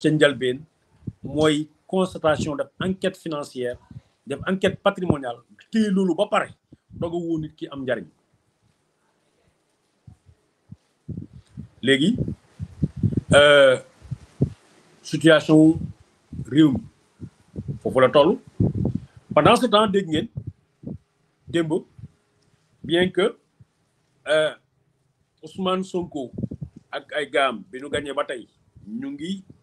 ca njalbeen mooy constatation def enquête financière def enquête patrimoniale téye loolu ba pare doog a ki am njariñ léegi euh, situation réew mi foofu la toll pendant ce temps dégg ngeen démb bien que euh, Ousmane Sonko ak ay gaam bi ñu ba tey ñu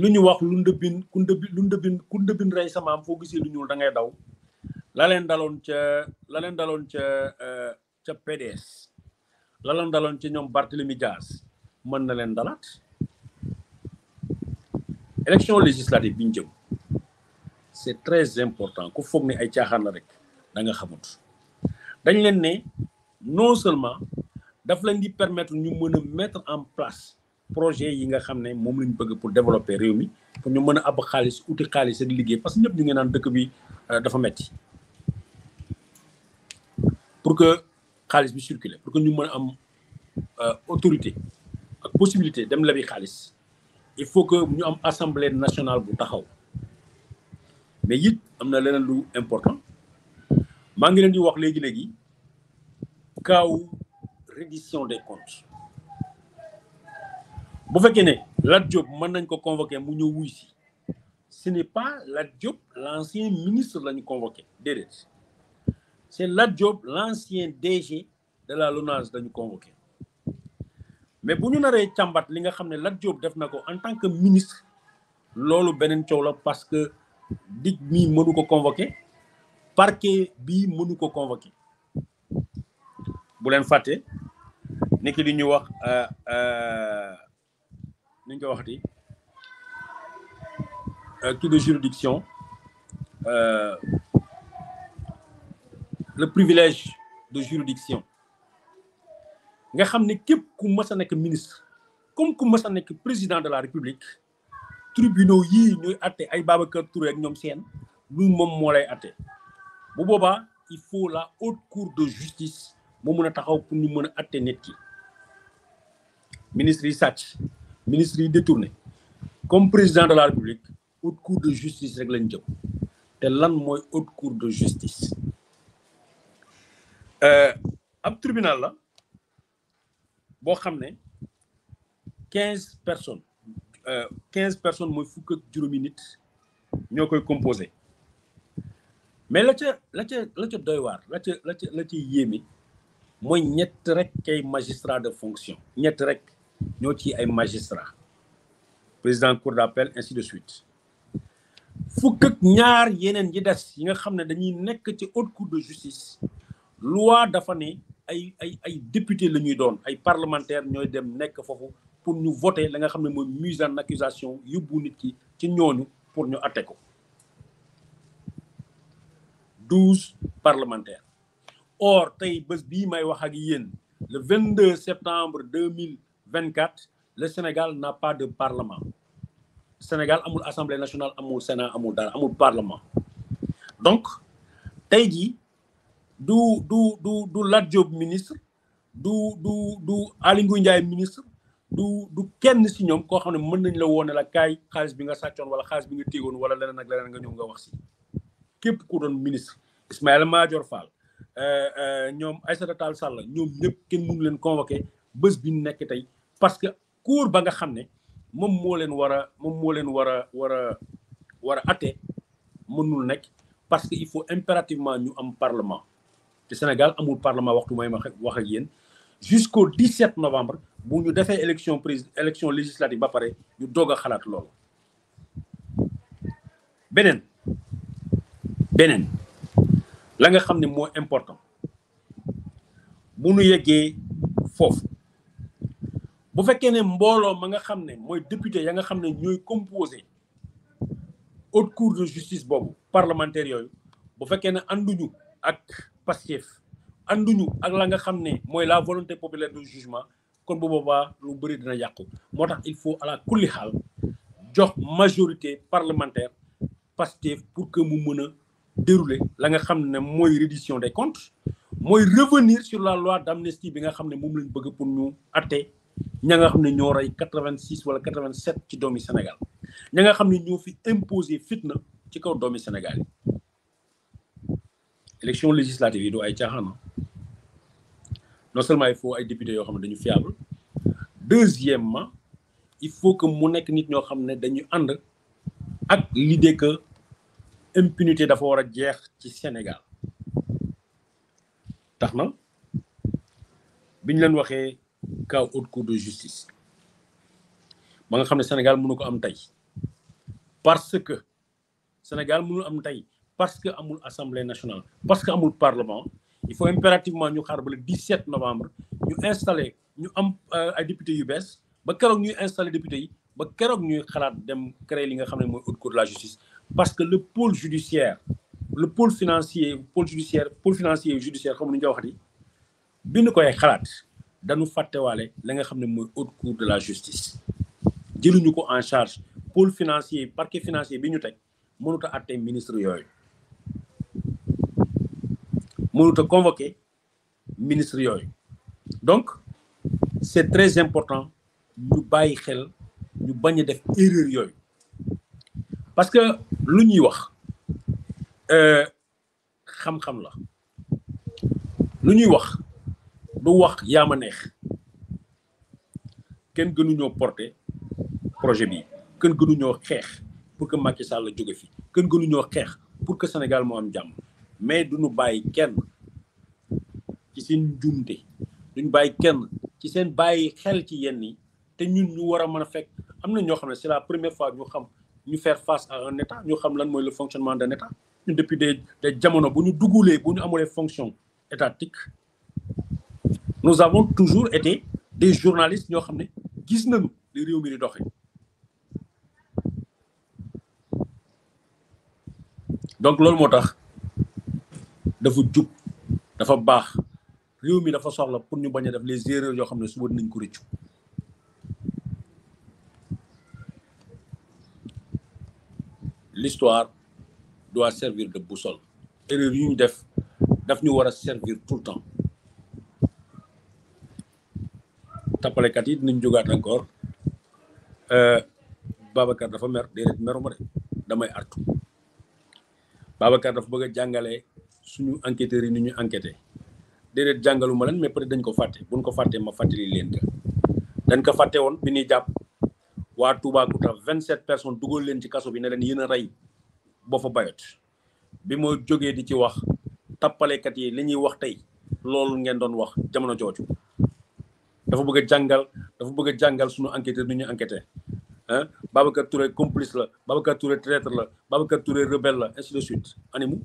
luñu wax lu ndëbbin ku ndëbbi lu ndëbbin ku ndëbbin rey sa maam foo gisee lu ñuul da ngay daw la leen daloon ca la leen daloon ca eh, ca PDS la leen daloon ca ñoom Barthélemy Diaz mën na leen dalaat élection législative bi jëm c'est très important ku foog ni ay caaxaan la rek da nga xamut dañ leen ne non seulement daf leen di permettre ñu mën a mettre en place projet yi nga xam mom lañ bëgg pour développer réew mi pour ñu mëna ab xaalis outil xaalis ak liggéey parce que ñëpp ñu ngi naan dëkk bi euh, dafa metti pour que xaalis bi circuler pour que ñu mëna am euh, autorité ak possibilité dem lebi xaalis il faut que ñu am assemblée nationale bu taxaw mais it amna na leneen lu important ma ngi leen di wax légui léegi kaaw reddition des comptes bu fekkee ne Lat Diop mën nañ ko convoquer mu ñëw wuy si ce n'est pas Lat l'ancien ministre lañu ñu convoqué déedéet c'est Lat l'ancien DG de la lonage dañu convoqué mais bu ñu naree càmbat li nga xam ne Lat def na ko en tant que ministre loolu beneen coow la parce que dig mii mënu ko convoqué parquet bii mënu ko convoqué bu leen fàtte nekk li ñuy wax euh, euh, nuñ ko waxati qui de juridiction euh, le privilège de juridiction nga xam ne képp ku mës ministre comme ku mës a président de la république tribunaux yi ñuy atté ay Babacar Touré ak ñom sen lu mom moo lay bu boba il faut la haute cour de justice mo mën taxaw pour ñu mën atté atte ki ministre satch ministre détourné comme président de la république haute cour de justice rek lañ jëm té lan moy haute cour de justice ce euh, tribunal la y xamné 15 personnes 15 euh, personnes moy fukk ak juróomi nit composé mais la ca la ca la ca doy war la la ci la ca ñett rek magistrat de fonction ñett rek nous sommes ay magistrat président cour d'appel ainsi de suite Il faut ñaar yeneen yi des yi nga haute cour de justice loi dafa ne ay ay ay député parlementaires, nous doon ay parlementaire dem pour nous voter la nga xam mise en accusation nit ki pour nous attaquer. 12 parlementaires or tay bëss bi may wax ak le 22 septembre 2000 24 le Sénégal n'a pas de parlement Sénégal amul assemblée nationale amul Sénat a dara parlement donc tey jii du du du du Lat ministre du du du Aly ministre du du kenn si ñoom koo xam ne nañ la kai la binga xaalis bi nga sàccoon wala xaalis bi nga téegoon wala leneen ak leneen nga ñëw nga wax si képp ku doon ministre Fall euh, euh, ñoom Aïssata Tall Sall ñom ñep kenn ngi leen convoquer bëss bi nekk tey parce que cour ba nga xam ne mo len wara mom mo len wara wara wara até mënul nek parce que il faut impérativement ñu am parlement le Sénégal amul parlement waxtu moy wax ak jusqu'au 17 novembre bu ñu défé élection prise élection législative ba paré ñu doog xalat lool benen, benen la nga xam mo important bu ñu yeggee foofu bu fekkee ne mbooloo ma nga xam ne mooy député ya nga xam ne ñooy composé haute cour de justice boobu parlementaire yooyu bu fekkee ne ànduñu ak Pastef anduñu ak la nga xam ne mooy la volonté populaire de jugement kon bu boobaa lu bëri dina yàqu moo tax il faut à la kulli xaal jox majorité parlementaire Pastef pour que mu mën a dérouler la nga xam ne mooy reddition des comptes mooy revenir sur la loi d'amnistie bi nga xam ne moom lañ bëgg pour ñu atte nous avons ray 86 ou 87 qui domi Sénégal. ña nga avons imposé fi imposer fitna ci kaw domi Sénégal. élection législative yi do ay tiaxana ah. non seulement il faut que député députés soient fiables. deuxièmement il faut que mu nek nit train de dañu and ak l'idée que impunité dafa wara jeex ci senegal taxna biñ len waxé kaw haute cour de justice ba nga que le Sénégal mënu ko am tay parce que Sénégal mënul am tay parce que amul assemblée nationale parce que amul parlement il faut impérativement ñu le 17 novembre ñu installer, ñu am euh, ay député yu bees ba kérok ñuy installer député yi ba kérok ñuy xalaat dem créer li nga cour de la justice parce que le pôle judiciaire le pôle financier pôle judiciaire pôle financier judiciaire comme ñu waxati bi nu koy xalaat dañu fàttewaale la nga xam moy haute cour de la justice jëluñu ko en charge pôle financier parquet financier bi ñu teg mënut ministre yoy mënut a convoqué ministre yoy donc c'est très important ñu bàyyi xel ñu bañ def erreur yoy parce que lu ñuy wax euh, xam-xam la lu ñuy wax du wax yaa ma neex kenn ñoo porter projet bi kenn ñoo xeex pour que Macky Sall la jóge fi kenn ñoo xeex pour que Sénégal mo am jamm mais duñu bàyyi kenn ci seen njuumte duñu bàyyi kenn ci seen bàyyi xel ci yenn yi te ñun ñu war a mën a fekk am na ñoo xam ne c'est la première fois ñu xam ñu faire face à un état ñu xam lan mooy le fonctionnement d'un état ñun depuis des des jamono bu ñu dugulee bu ñu amulee fonction étatique nous avons toujours été des journalistes ñoo xam gis nañu réew mi di donc loolu moo dafa jub dafa réew mi pour ñu les erreurs yoo xam ne l'histoire doit servir de boussole Et ñu def servir tout le temps tappalekat yi dinañ jógaat encore Babacar dafa mer déedéet meruma de damay artu Babacar dafa bëgg a jàngale suñu enquêteur yi ni ñu enquêté déedéet jàngaluma kofate, mais peut être dañ ko fàtte buñ ko fàttee ma fàttali leen ka dañ ko fàtte woon bi ñuy jàpp waa 27 personnes dugal leen ci kaso bi ne leen yéen a rey fa bayot bi mo jógee di ci wax tappalekat yi li ñuy wax tey loolu ngeen doon wax jamono dafa bëgg a jàngal dafa bëgg a jàngal suñu enquêteur du ñu enquêté ah Babacar Touré complice la Babacar Touré traître la Babacar Touré rebelle la ainsi de suite animu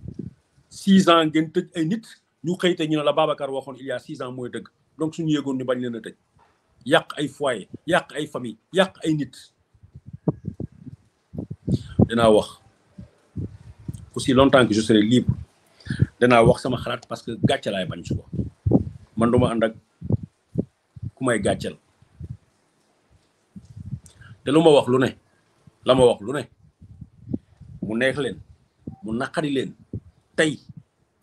six ans ngeen tëj ay nit ñu xëyte ñu ne la Babacar waxoon il y a six ans mooy dëgg donc suñu yëgoon ñu bañ leen a tëj yàq ay foyer yàq ay famille yàq ay nit danaa wax aussi longtemps que je serai libre danaa wax sama xalaat parce que gàcce laay bañ suba man duma ànd ak ku may gàcceel te lu ma wax lu ne la ma wax lu ne mu neex leen mu naqari leen tey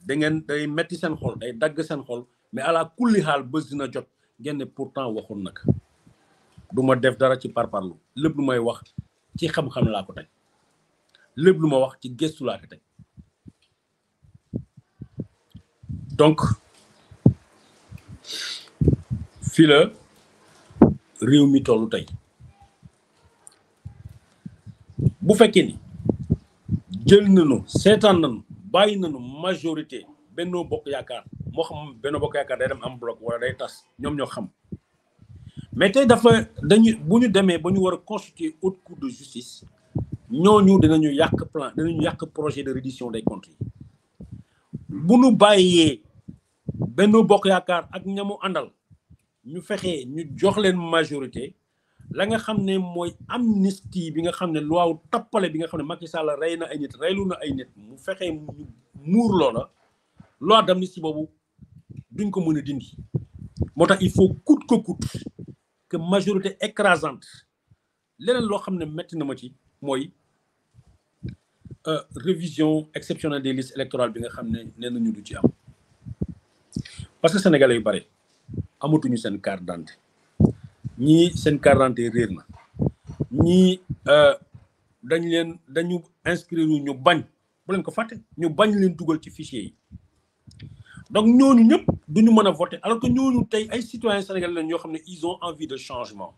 da ngeen day metti seen xol day dagg seen xol mais ala kulli xaal bés dina jot ngeen ne pourtant waxoon nag duma def dara ci parparlu lépp lu may wax ci xam-xam laa ko teg lépp lu ma wax ci gëstu laa ko teg donc fii la réew mi tollu tey bu fekkee ni jël nu seetaan nañu bàyyi na nañu majorité bennoo Bokk Yaakaar moo xam Benno Bokk Yaakaar day dem am bloc wala day tas ñoom ñoo xam mais tey dafa dañu bu ñu demee ba ñu war a constituer haute cour de justice ñooñu dinañu yàq plan dinañu yàq projet de reddition des comptes yi bu ñu bàyyee Benno Bokk Yaakaar ak ñamu àndal ñu fexé ñu jox leen majorité la nga xamné moy amnistie bi nga xamné ne loi tapalé bi nga xamné Macky Sall rey ay nit reylu na ay nit mu fexé ñu muur loola loi d'amnistie bobu duñ ko mëna dindi. motax il faut coûte que coûte que majorité écrasante leneen lo xamné metti na ma ci moy euh, révision exceptionnelle des listes électorales bi nga xamné ne nee du ci am parce que sénégalais yu bari nous seen carte d'identité ñi seen carte d'identité réer na nous, euh, dañ leen dañu inscrire ñu bañ bu leen ko ñu leen ci donc nous voter alors que nous, tey citoyens sénégalais lañ ils ont envie de changement